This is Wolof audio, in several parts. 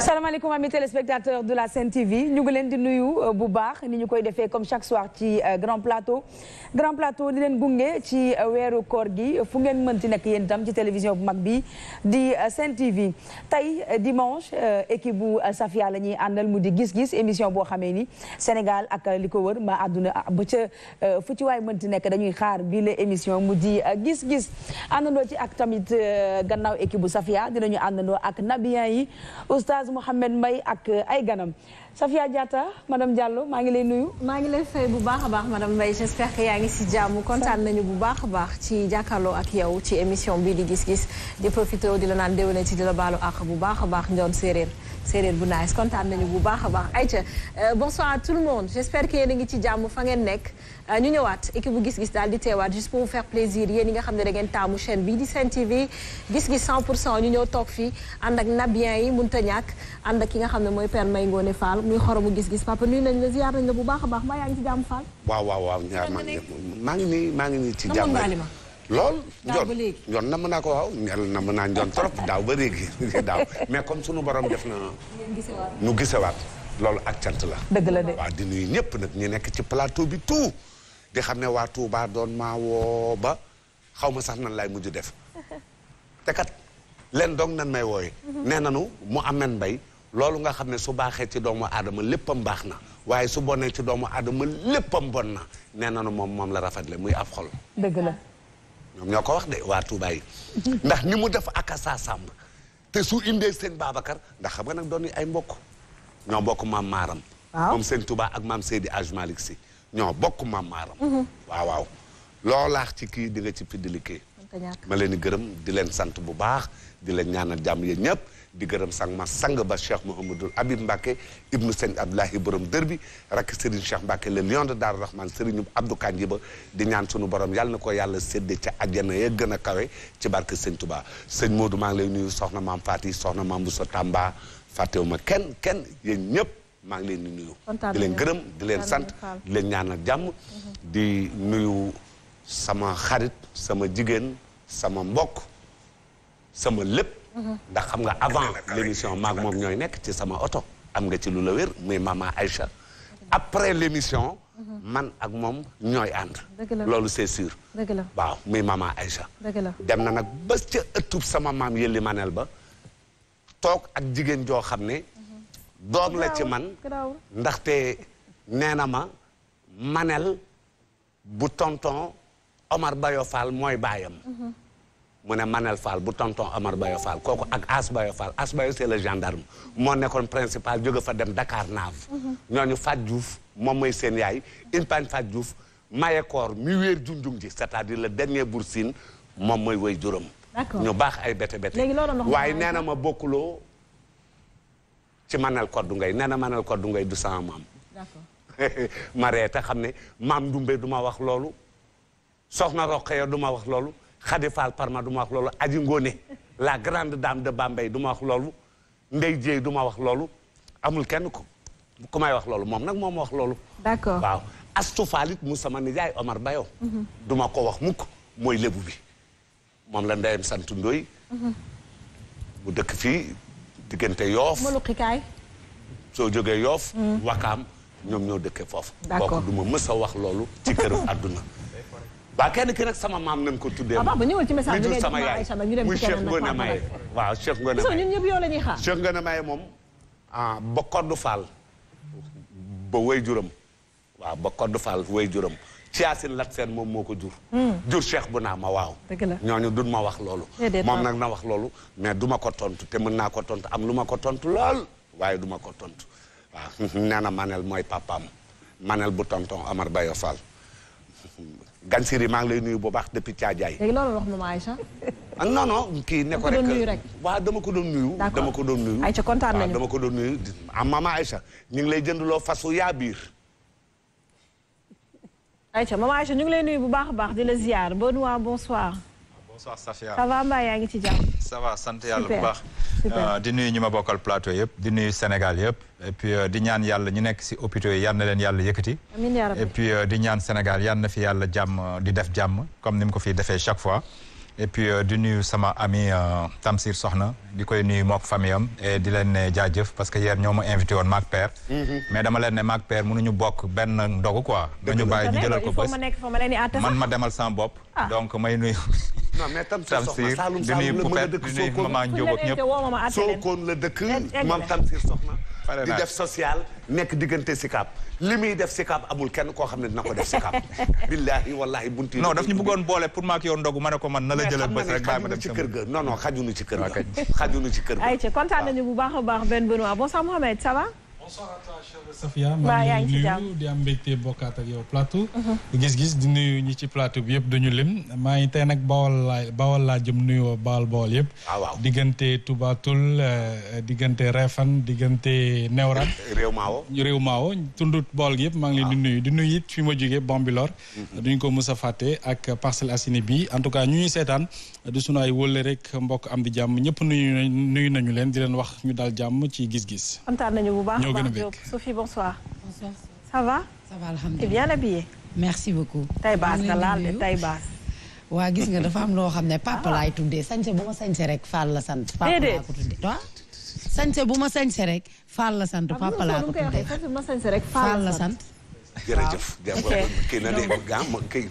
salaamaaleykum ami téléspectateurs de la Sen TV ñu ngi leen di nuyu euh, bu baax ni ñu koy defee comme chaque soir ci euh, grand plateau grand plateau di leen gunge ci euh, weeru koor gi fu ngeen mënti nekk yéen itam ci télévision bu mag bi di Sen TV tey dimanche équipe bu Safia la ñuy àndal mu di gis-gis émission boo xamee ni Sénégal ak li ko wër mbaa àdduna ah, ba ca fu ci waay mënti nekk dañuy xaar bii émission mu di gis-gis àndandoo ci ak tamit gannaaw équipe bu Safia dinañu àndandoo ak nabiyan yi Oustaz Mouhamed Mbaye ak ay ganam Safia Diatta madame Diallo maa ngi leen nuyu. maa ngi lay fay bu baax a baax madame Mbaye j'espère que yaa ngi si jàmm kontaan nañu bu baax a baax ci jàkkaarloo ak yow ci émission bii di gis-gis di profité di la naan déwéné ci di la baalo àq bu baax a baax njoon séeréer séeréer bu nice kontaan nañu bu baax a baax. ayca euh, bonsoir à tout le monde j'espère ngi ci jàmm fa ngeen nekk euh, ñu ñëwaat équipe bu gis-gis daal di teewaat juste pour vous faire plaisir yéen nga xam ne da ngeen taamu chaîne bii di Sen TV gis-gis 100 pour cent ñu ñëw toog fii ànd ak nabiyen yi mënut a ñàkk ànd ki nga xam ne mooy Père Mbaye Ngoné Fall muy xoromu gis-gis papa nuyu nañ la ziar nañ la bu baax a baax mbaa yaa ngi ci jàmm Fall. waaw waaw waaw ñaar maa ngi maa ngi nii maa ngi nii ci jàmm lool njoon njoon naa ko waaw ñel namm naa njoon trop daaw ba léegi daaw mais comme sunu boroom def na nu gisewaat loolu ak cant la dëgg la di nuyu ñëpp nag ñu nekk ci plateau bi tout di xam ne waa tuubaa doon maa ba xaw ma sax nan laay mujj def te kat leen dong nan may wooye mhm. nee nanu mu amen bay loolu nga xam ne su baaxee ci doomu aadama léppam baax na waaye su bonee ci doomu aadama léppam bon na nee na moom moom la le muy ab xol. ñoom ñoo ko wax de waa Touba ndax ni mu def ak Assa Samb te su indee seen Babacar ndax xam nga nag doon ay mbokk ñoo bokk maam Maaram. waaw moom seen Touba ak maam Seydi Aj Malick si ñoo bokk maam Maaram. Mhm. waaw waaw. loolaax ci kii di nga ci fidélité ma leen di gërëm di leen sant bu baax di leen ñaanal jàmm yéen ñëpp di gërëm sang ma sang ba Cheikh Mouhamadul Habib Mbacke ibnu Sëñ Abdoulahi borom dër bi rakk Serigne Cheikh Mbacke le lion de Daaru Rahman Serigne Abdou Kandji ba di ñaan sunu borom yàlla na ko yàlla sédde ca àjjana ya gën a kawe ci barke Sëñ Touba sëñ moodu maa ngi lay nuyu soxna maam Fati soxna maam Bousso Tamba fàttewuma kenn kenn yéen ñëpp maa ngi leen di nuyu di leen gërëm di leen sant di leen ñaanal jàmm di sama xarit sama jigéen sama mbokk sama lépp. ndax xam nga avant l'émission maag moom ñooy nekk ci sama oto am nga ci lu la wér muy maman Aïcha après l'émission man ak moom ñooy ànd loolu c'est sûr waaw muy maman Aïcha dem na nag ba ca ëttub sama maam yëlli manel ba toog ak jigéen joo xam ne doom la ci man ndaxte nee na ma manel bu tonton Omar Bayo Fall mooy baayam. mu ne Manel Fall bu tonton Omar Bayo Fall kooku ak As Bayo Fall As Bayo c'est le gendarme moo nekkoon principal jóge fa dem Dakar Nave. ñooñu Fat Diouf moom mooy seen yaay Impaañ Fat Diouf Mayekoor mi wéer junjung ji c'est-à-dire le dernier Bour moom mooy woy juróom. ñu baax ay bete bete. waaye nee na ma bokkuloo ci Manel Koddu Ngay nee na Manel Koddu Ngay du sama maam. d'accord ma reeta xam ne maam Dumbe du ma wax loolu. soxna Rokhaya du ma wax loolu Khady Fall Parma du ma wax loolu Aji Ngone la grande dame de Bambey du ma wax loolu Ndey Jéey du ma wax loolu amul kenn ku ku may wax loolu moom nag moom wax loolu. d'accord waaw Astou Fall mu sama nijaay Omar Bayo. Mhm. duma ko wax mukk mooy lébu bi moom la ndeyam santu Ndoy mhm. mu dëkk fii diggante Yoof. Moluqikaay. soo jógee Yoof. Mhm. Wakaam ñoom ñoo dëkkee foofu. d'accord kooku du ma mës a wax loolu ci këru àdduna. waa kenn ki nag sama maam nañ ko tuddee. Ah, waaw ba sama yaay muy Cheikh Ngone Maye waaw Cheikh Ngone Maye ñun ñëpp yow la moom ah, ba Koddu Fall ba way juram waaw ba Koddu Fall way juram Thiassine Lat Seen moom moo ko jur. Hmm. jur Cheikh bu naa ma waaw. dëgg la ñooñu ma wax loolu. moom nag na wax loolu mais duma ko tontu te mën naa ko tontu am lu ma ko tontu lool waaye duma ko tontu waaw nee na mooy papaam Manel bu tonton Amar Bayo Fall. Gan Siri maa ngi lay nuyu bu baax depuis Thiadiaye. léegi loolu wax ma Aïcha. Ah, non non kii ne ko rek waaw dama ko doon nuyu. dama ko doon nuyu. Aïcha kontaan nañu dama ko doon nuyu ah maman Aïcha ñu ngi lay jëndloo fasu yaa biir. Aïcha maman Aïcha ñu ngi lay nuyu bu baax a baax di la ziar Benoît bonsoir. bonsoir Safia ça va mbaa yaa ngi ci jàmm. ça sant yàlla baax. Euh, di nuyu ñu ma bokkal plateau yëpp di nuyu Sénégal yëpp. et euh, di ñaan yàlla ñu nekk si hôpitaux yi yal na leen yàlla yëkkati. amiin euh, di ñaan Sénégal yal na fi yàlla jàmm di def jàmm comme ni mu ko fi defee chaque fois. et puis di nuyu sama ami Tamsir Soxna di koy nuyu mook famille am di leen ne jaajëf parce que hier ñoo ma invité woon maak père mm-hmm. mais dama leen ne maak père ñu bokk benn ndogu quoi. nañu bàyyi ñu jëlal ko bés demal sama bopp. Ah. donc may nuyu. non la a dëkk Sokone di ñëpp Sokone la dëkk social nekk diggante Sicap li muy def Sicap amul kenn koo xam ne dina ko def Sicap. billahi wallahi bunti. non daf ñu bëggoon boole pour maa ak yow ndogu ma ne ko man na la jëlal bés rek bàyyi ma dem ci kër ga non non xajunu ci kër ga. xajunu ci kër ga. ayca kontaan nañu bu baax a baax benn Benoît bonsoir Mohamed ça va. bonsoir à toi chère ngi nuyu di am mbégte bokkaat ak yow plateau mm-hmm. gis-gis di nuyu ñi ci plateau bi yëpp dañu lim maa ngi tey nag bawal laa bawal laa jëm nuyu bawal bawal yëpp ah, diggante Toubatul euh, diggante Refan diggante Newran réew Maawo réew Maawo tundut bawal gi yëpp maa ngi leen di ah. nuyu di nuyu it fi ma jógee Bambilor mm-hmm. duñ ko mës a fàtte ak Parcelles Assainies bi en tout cas ñu ñuy seetaan du sunu ay wëlle rek mbokk am di jàmm ñëpp nuyu nuyu nañu leen di leen wax ñu daal jàmm ci gis-gis Diop Sophie bonsoir. bonsoir. ça va. ça va merci beaucoup. tey baas nga laal de tey baas. waa gis nga dafa am loo xam ne papa ah. laay tuddee sañse bu ma sañse rek Fall la sant. papa laa ko tuddee waaw. sañse bu ma sañse rek Fall la sant ah, papa laa ko tuddee. Fall la sant. jërëjëf kii na dégg gaa ma kii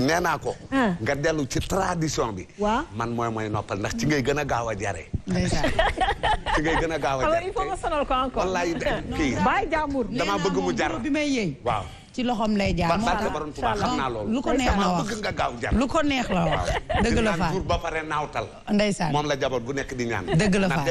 nee naa ko ah. nga dellu ci tradition bi waaw man mooy mooy noppal ndax ci ngay gën a gaaw a jare ci ngay gën a gaaw a jare il ko encore wallaay kii bàyyi bëgg mu jar bi may yëy waaw ci loxom lay jaar barke borom Tuubaa xam naa loolu lu ko neex la wax bëgg gaaw jar lu ko neex la wax dëgg la fa ba pare naawtal ndeysaan moom la jaboot gu nekk di ñaan dëgg la fa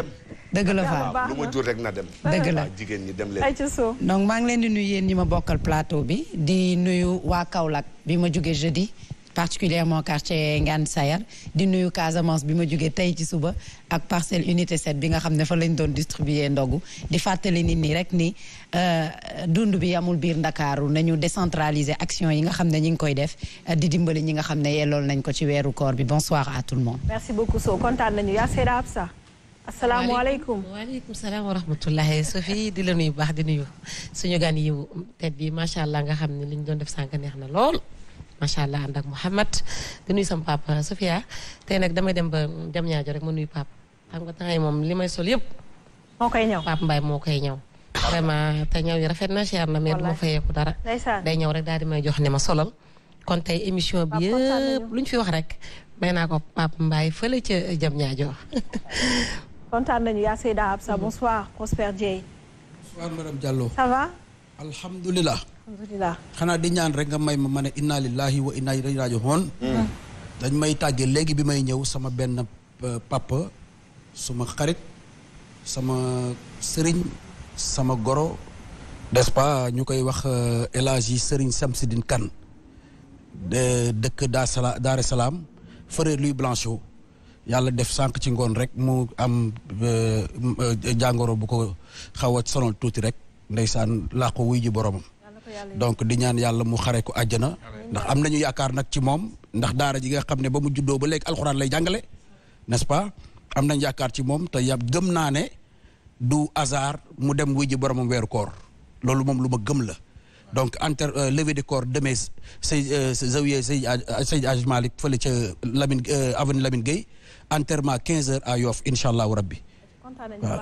dëgg la faa lu ma jur rek na dem. dëgg la jigéen ñi dem leen. donc maa ngi leen di nuyu yéen ñi ma bokkal plateau bi di nuyu waa Kaolack bi ma jugee jeudi. particulièrement quartier Ngane Sayar di nuyu Casamance bi ma jógee tey ci suba ak parcelle unité 7 bi nga xam ne fa lañ doon distribuer ndogu di fàttali nit ñi rek ni euh, dund bi amul biir ndakaaru nañu décentraliser action yi nga xam ne ñi ngi koy def euh, di dimbali ñi nga xam ne yellool nañ ko ci weeru koor bi bonsoir à tout le monde. asalaamaaleykum waaleykum salaam wa rahmatullahi Sophie di la nuyu baax di nuyu suñu gan yi tedd yi macha allah nga xam ne li doon def sànq neex na lool macha allah ànd ak Mouhamed di nuyu sama papa Sophia tey nag damay dem ba jam ñaajo rek ma nuyu papa xam nga temps yi moom li may sol yëpp. moo moo koy ñëw. vraiment te ñëw yi rafet na cher na mais du ma dara. day ñëw rek daal di may jox ne ma solal. kon tey émission bi yëpp lu ñu fi wax rek may naa ko papa Mbaye fële ca jam ñaajo kontaan nañu yaa Seyda Absa mm-hmm. bonsoir Prosper Dieye. bonsoir madame Diallo. ça va. xanaa di ñaan rek nga may ma ma ne inna lillahi wa inna ilayhi raji'un. Mm-hmm. dañ may tàggee léegi bi may ñëw sama benn euh, papa suma xarit sama sëriñ sama goro nest ñu koy wax euh, El Hadji Serigne Samsidine Kane dëkk Daara Salaam Frère Louis Blanchot. yàlla def sànq ci ngoon rek mu am euh, jàngoro bu ko xaw a sonal tuuti rek ndey laa ko wuy ji boromam donc di ñaan yàlla mu xare ko àjjana ndax am nañu yaakaar nag ci moom ndax daara ji nga xam ne ba mu juddoo ba léegi alxuraan lay jàngale n'est-ce pas am nañ yaakaar ci moom te ya gëm naa ne du hasard mu dem wuy ji boromam weeru koor loolu moom lu ma gëm la donc inter euh, levée de corps demee say euh, zawiya say Seydi Hadji Malick fële ca Lamine avenue Lamine Gueye enterrement 15 heures à Yoff incha allahu rabbi waaw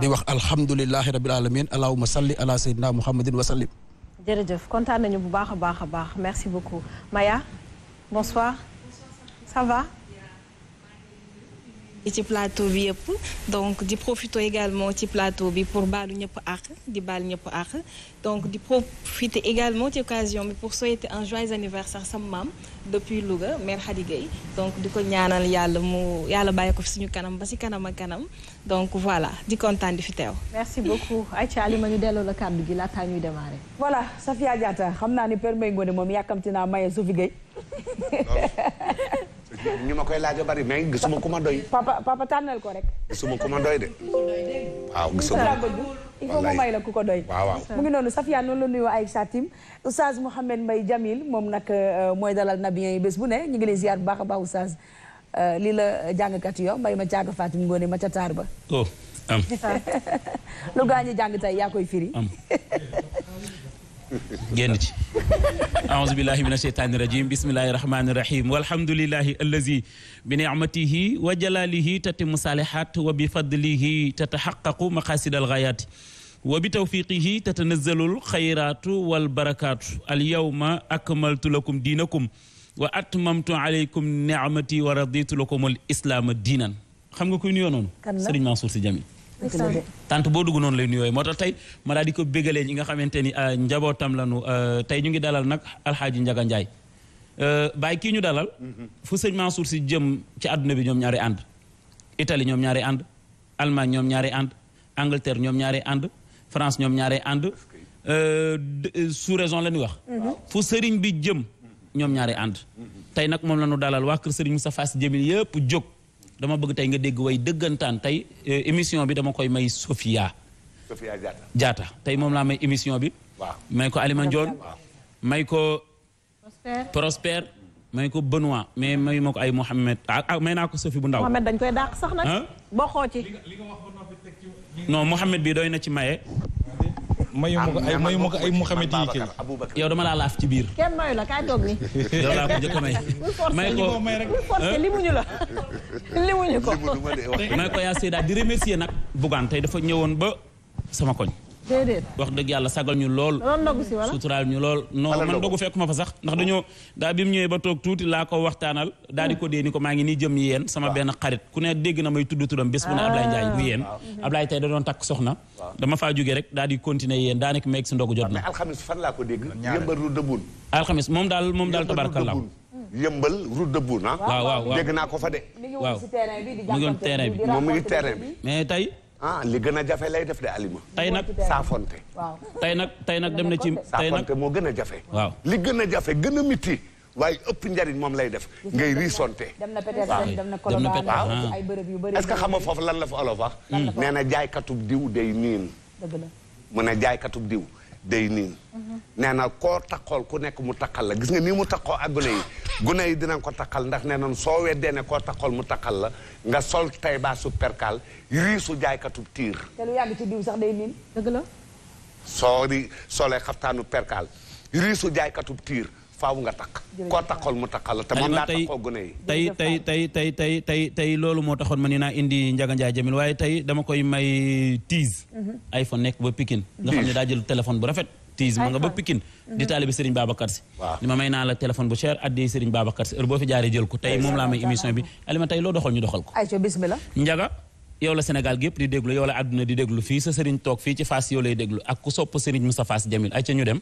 di wax alhamdulilahi rabil alamin allahuma salli ala sayyidina muhammadin wa sallim jërëjëf kontaan nañu bu baax a baax a baax merci beaucoup Maya bonsoir ça ci plateau bi yëpp donc di profiter également ci plateau bi pour baalu ñëpp àq di baal ñëpp àq donc di profiter également ci occasion bi pour souhaiter un joyeux anniversaire sama maam depuis Louga mère Khady Gueye donc di ko ñaanal yàlla mu yàlla bàyyi ko fi suñu kanam ba si kanam a kanam donc voilà di kontaan di fi teew. merci beaucoup delloo la kàddu gi laataa ñuy démarrer. voilà xam naa ni Père Mbaye Ngoné moom yàkkamti naa maye Sophie ñu ma koy laaj bari mais gisuma ku ma doy. papa papa tànnal ko rek. gisuma ku ma doy de. waaw gisuma ko il faut mu may la ku ko doy. waaw mu ngi noonu Safia noonu la wax ay satim Oustaz Mouhamed mbay Jamil moom nag euh, mooy dalal nabiyen yi bés bu ne ñu ngi lay ziar bu baax a baax Oustaz euh, lii la jàngkat yo mbay ma caaga Fatim Ngoone ma ca taar ba. oh am. lu gaañu jàng tey yaa koy firi. génn ci aouzu billahi min asheytaani rajim bismillahi rahmaani rahim walhamdulilahi allazi bi nicmatihi wa jalalihi tatimu salihat wa bi fadlihi tataxaqaqu maqasid algayaati wa bi tawfiqihi tatanazzalu alxayratu walbarakatu alyawma akmaltu lakum diinakum wa atmamtu alaykum nicmati wa raditu lakum alislaama diinan xam nga kuy nuyoo noonu Serigne Mansour Sy Djamil tant boo dugg noonu lay nuyooyu moo tax tey ma daal di ko bégalee ñi nga xamante ni euh, njabootam lanu euh, tey ñu ngi dalal nag alxaaji Njaga Njaay euh, bàyyi kii ñu dalal mm-hmm. fu sëñ Mansour si jëm ci àdduna bi ñoom ñaari ànd Italie ñoom ñaari ànd Allemagne ñoom ñaari ànd Angleterre ñoom ñaari ànd France ñoom ñaari ànd sous raison la ñuy wax mm-hmm. fu sëriñ bi jëm ñoom ñaari ànd mm-hmm. tey nag moom la ñu dalal waa kër sëriñ Moustapha Sy Djamil yëpp jóg dama bëgg tey nga dégg way dëggantaan tey euh, émission bi dama koy may Sofia. Sofia Diatta Diatta tey moom laa may émission bi. waaw may ko Alima Ndione. may ko. Prosper Prosper. may ko Benoît mais may ma ko ay Mouhamed ah, ah may naa ko Sophie bu ndaw. Mouhamed dañ koy dàq sax nag. boo xoo ci. non Mouhamed bi doy na ci maye. mayu ma ko ay mayu ma ko ay Mouhamed yi kii yow dama laa laaf ci biir. kenn mayu la kaay toog ni yow laa may. ko limuñu la limuñu ko. may ko yaa Seyda di remercier nag Bougane tey dafa ñëwoon ba sama koñ. déedéet wax dëgg yàlla sagal ñu lool. suturaal ñu lool. non man dogu fekkuma fa sax ndax dañoo daa bi mu ñëwee ba toog tuuti laa ko waxtaanal daal di ko dee ni ko maa ngi nii jëm yéen sama benn xarit ku ne dégg na may tudd turam bés bu ne ah. Ablaye Ndiaye bu yéen Ablaye tey da doon takk soxna dama faa jógee rek daal di continuer yéen daanaka meeg si ndogu jot na alxamis fan laa ko dégg yëmbal route de Boune moom daal moom daal tabarkalla yëmbal route de Boune ah waaw waaw dégg naa ko fa de waaw mu ngi woon terrain bi bi mais tey ah li gën a jafe lay def de alima. tey nag saafonte. tey nag tey nag dem na ci. tey nag moo gën a jafe. waaw li gën a jafe gën a miti waaye ëpp njariñ moom lay def. ngay riisonte. dem na Petersen dem ah. que xam nga foofu lan la fa olof wax. Ah? nee na jaaykatub diw day niin. dëgg la mu ne jaaykatub diw. day niin nee na koo taqool ku nekk mu taqal la gis nga nii mu taqoo abule yi gune yi dinañ ko taqal ndax nee na soo weddee ne koo taqool mu takkal la nga sol tay baa su jaaykatu riisu tiir te lu yàgg sax day niin dëgg la soo di solee xaftaanu perkal riisu jaaykatub tiir faaw nga takk koo takkal mu takkal la te moom laa takkoo gune yi tey tey tey tey loolu moo taxoon ma ni naa indi njaga Ndiaye Jamil waaye tey dama koy may tiis mhm. iPhone nekk ba Pikine nga xam ne daa jël téléphone bu rafet tiis ma nga ba Pikine mhm. di taalibe Serigne Babacar Sy ni ma may naa la téléphone bu cher addi Serigne boo fi jaaree jël ko tey moom laa may loo doxal ñu doxal ko ayca bismillah la Sénégal gépp di déglu yow la di déglu fii sa Serigne toog fii ci Fass yow lay déglu ak ku sopp Serigne Moussa Fass Jamil ayca ñu dem